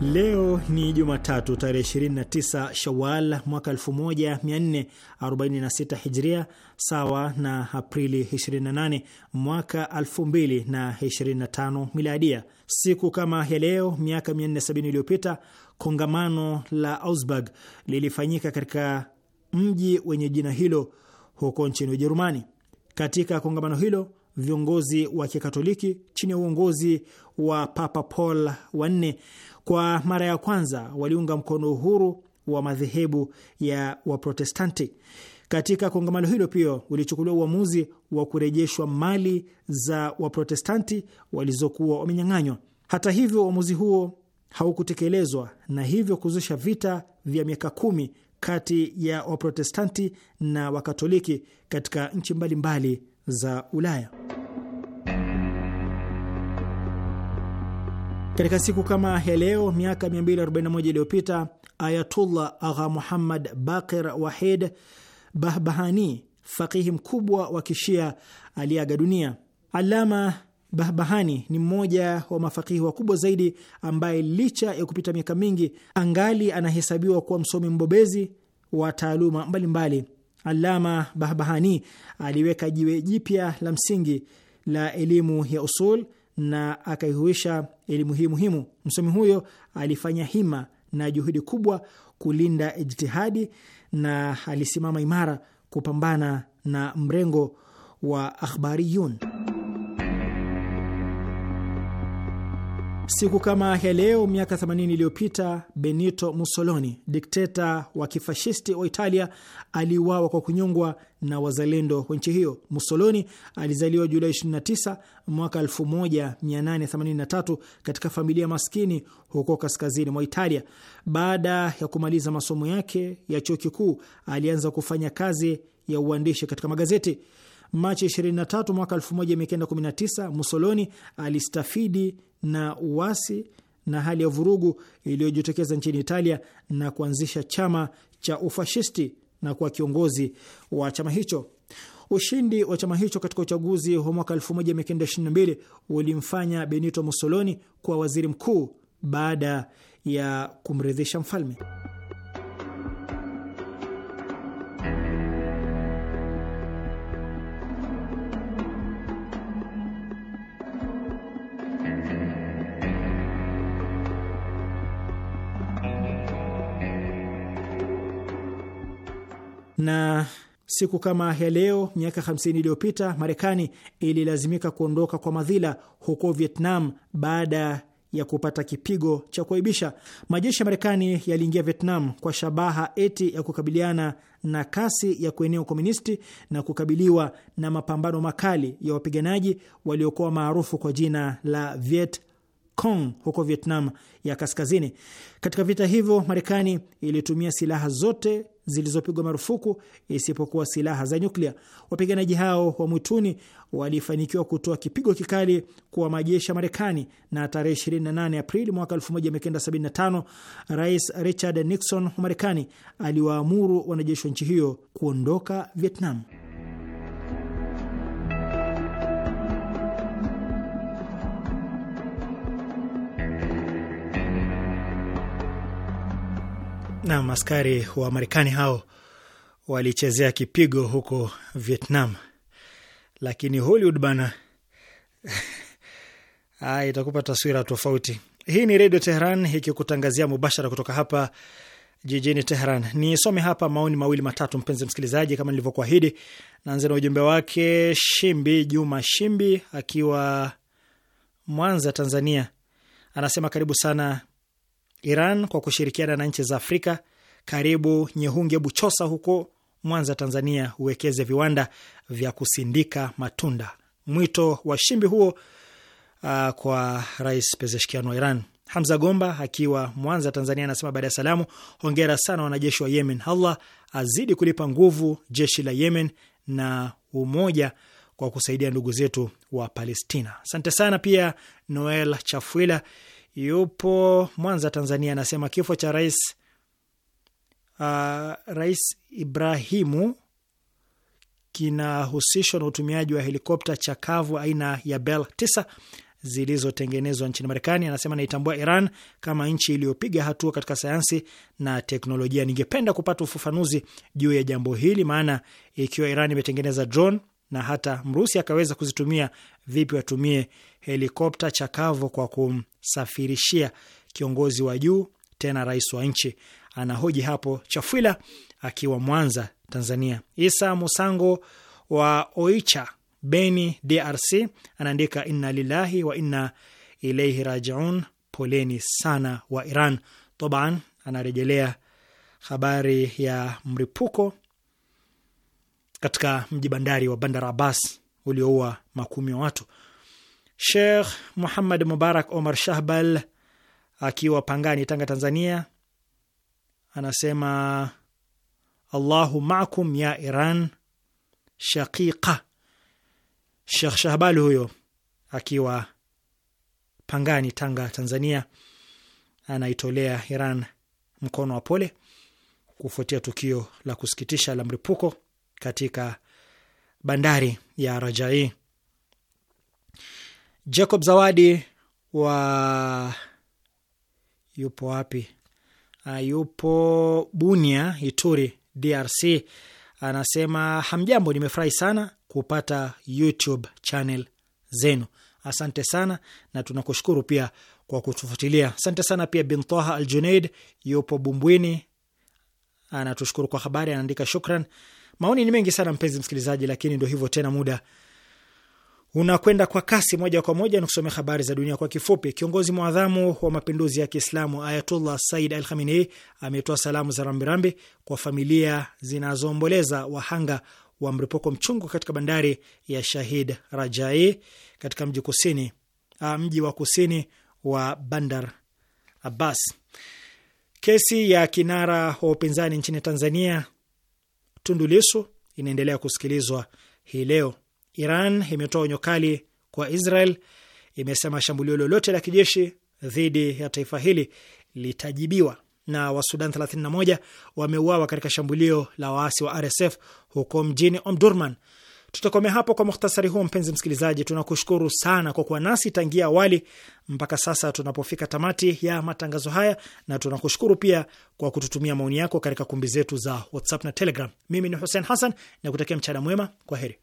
Leo ni Jumatatu tarehe 29 Shawal mwaka 1446 Hijria, sawa na Aprili 28 mwaka 2025 Miladia. Siku kama ya leo miaka 470 iliyopita kongamano la Augsburg lilifanyika katika mji wenye jina hilo huko nchini Ujerumani. Katika kongamano hilo viongozi wa Kikatoliki chini ya uongozi wa Papa Paul wanne kwa mara ya kwanza waliunga mkono uhuru wa madhehebu ya Waprotestanti. Katika kongamano hilo pia ulichukuliwa uamuzi wa kurejeshwa mali za Waprotestanti walizokuwa wamenyang'anywa. Hata hivyo, uamuzi huo haukutekelezwa na hivyo kuzusha vita vya miaka kumi kati ya Waprotestanti na Wakatoliki katika nchi mbalimbali za Ulaya. Katika siku kama ya leo miaka 241 iliyopita Ayatullah Agha Muhammad Bakir Wahid Bahbahani, fakihi mkubwa wa Kishia, aliaga dunia. Alama Bahbahani ni mmoja wa mafakihi wakubwa zaidi ambaye licha ya kupita miaka mingi angali anahesabiwa kuwa msomi mbobezi wa taaluma mbalimbali mbali Alama Bahbahani aliweka jiwe jipya la msingi la elimu ya usul na akaihuisha elimu hii muhimu. Msomi huyo alifanya hima na juhudi kubwa kulinda ijtihadi na alisimama imara kupambana na mrengo wa akhbariyun. Siku kama ya leo miaka 80 iliyopita Benito Mussolini, dikteta wa kifashisti wa Italia, aliuawa kwa kunyongwa na wazalendo wa nchi hiyo. Mussolini alizaliwa Julai 29 mwaka 1883 katika familia maskini huko kaskazini mwa Italia. Baada ya kumaliza masomo yake ya chuo kikuu, alianza kufanya kazi ya uandishi katika magazeti. Machi 23 mwaka 1919 Mussolini alistafidi na uasi na hali ya vurugu iliyojitokeza nchini Italia na kuanzisha chama cha ufashisti na kuwa kiongozi wa chama hicho. Ushindi wa chama hicho katika uchaguzi wa mwaka 1922 ulimfanya Benito Mussolini kuwa waziri mkuu baada ya kumridhisha mfalme. na siku kama ya leo miaka 50 iliyopita Marekani ililazimika kuondoka kwa madhila huko Vietnam baada ya kupata kipigo cha kuaibisha. Majeshi ya Marekani yaliingia Vietnam kwa shabaha eti ya kukabiliana na kasi ya kuenea ukomunisti na kukabiliwa na mapambano makali ya wapiganaji waliokuwa maarufu kwa jina la Viet Kong huko Vietnam ya kaskazini. Katika vita hivyo, Marekani ilitumia silaha zote zilizopigwa marufuku isipokuwa silaha za nyuklia. Wapiganaji hao wa mwituni walifanikiwa kutoa kipigo kikali kwa majeshi ya Marekani, na tarehe 28 Aprili mwaka 1975 Rais Richard Nixon wa Marekani aliwaamuru wanajeshi wa nchi hiyo kuondoka Vietnam. Nam, askari wa Marekani hao walichezea kipigo huko Vietnam, lakini Hollywood bana Aya, ah, itakupa taswira tofauti. Hii ni Redio Teheran ikikutangazia mubashara kutoka hapa jijini Teheran. Nisome hapa maoni mawili matatu, mpenzi msikilizaji, kama nilivyokuahidi. naanze na ujumbe wake Shimbi Juma Shimbi akiwa Mwanza, Tanzania, anasema karibu sana Iran kwa kushirikiana na nchi za Afrika karibu Nyehunge Buchosa huko Mwanza, Tanzania, huwekeze viwanda vya kusindika matunda. Mwito wa shimbi huo uh, kwa Rais Pezeshkian wa Iran. Hamza Gomba akiwa Mwanza, Tanzania, anasema baada ya salamu, hongera sana wanajeshi wa Yemen. Allah azidi kulipa nguvu jeshi la Yemen na umoja kwa kusaidia ndugu zetu wa Palestina. Asante sana pia Noel Chafwila yupo Mwanza, Tanzania, anasema kifo cha rais uh, Rais Ibrahimu kinahusishwa na utumiaji wa helikopta chakavu aina ya Bell 9 zilizotengenezwa nchini Marekani. Anasema naitambua Iran kama nchi iliyopiga hatua katika sayansi na teknolojia. Ningependa kupata ufafanuzi juu ya jambo hili, maana ikiwa Iran imetengeneza drone na hata Mrusi akaweza kuzitumia vipi watumie helikopta chakavu kwa kumsafirishia kiongozi wa juu, tena rais wa nchi. Anahoji hapo Chafuila akiwa Mwanza, Tanzania. Isa Musango wa Oicha, Beni, DRC anaandika inna lillahi wa inna ilaihi rajiun, poleni sana wa Iran. Taban anarejelea habari ya mripuko katika mji bandari wa Bandar Abbas ulioua makumi ya watu. Sheikh Muhammad Mubarak Omar Shahbal akiwa Pangani, Tanga, Tanzania, anasema Allahu makum ya Iran shaqiqa. Sheikh Shahbal huyo akiwa Pangani, Tanga, Tanzania, anaitolea Iran mkono wa pole kufuatia tukio la kusikitisha la mlipuko katika bandari ya Rajai. Jacob Zawadi wa yupo wapi? Ah, yupo Bunia, Ituri, DRC. Anasema hamjambo, nimefurahi sana kupata YouTube channel zenu. Asante sana na tunakushukuru pia kwa kutufuatilia. Asante sana pia. Bin Toha Al Junaid yupo Bumbwini, anatushukuru kwa habari, anaandika shukran Maoni ni mengi sana mpenzi msikilizaji, lakini ndio hivyo tena, muda unakwenda kwa kasi. Moja kwa moja nikusomea habari za dunia kwa kifupi. Kiongozi mwadhamu wa mapinduzi ya Kiislamu Ayatullah Said Al Khamenei ametoa salamu za rambirambi kwa familia zinazoomboleza wahanga wa mripuko mchungu katika bandari ya Shahid Rajai katika mji kusini, ah, mji wa kusini wa Bandar Abbas. Kesi ya kinara wa upinzani nchini Tanzania Tundu Lissu inaendelea kusikilizwa hii leo. Iran imetoa onyo kali kwa Israel, imesema shambulio lolote la kijeshi dhidi ya taifa hili litajibiwa. Na Wasudan 31 wameuawa katika shambulio la waasi wa RSF huko mjini Omdurman. Tutakomea hapo kwa muhtasari huo. Mpenzi msikilizaji, tunakushukuru sana kwa kuwa nasi tangia awali mpaka sasa tunapofika tamati ya matangazo haya, na tunakushukuru pia kwa kututumia maoni yako katika kumbi zetu za WhatsApp na Telegram. Mimi ni Hussein Hassan na kutakia mchana mwema. Kwa heri.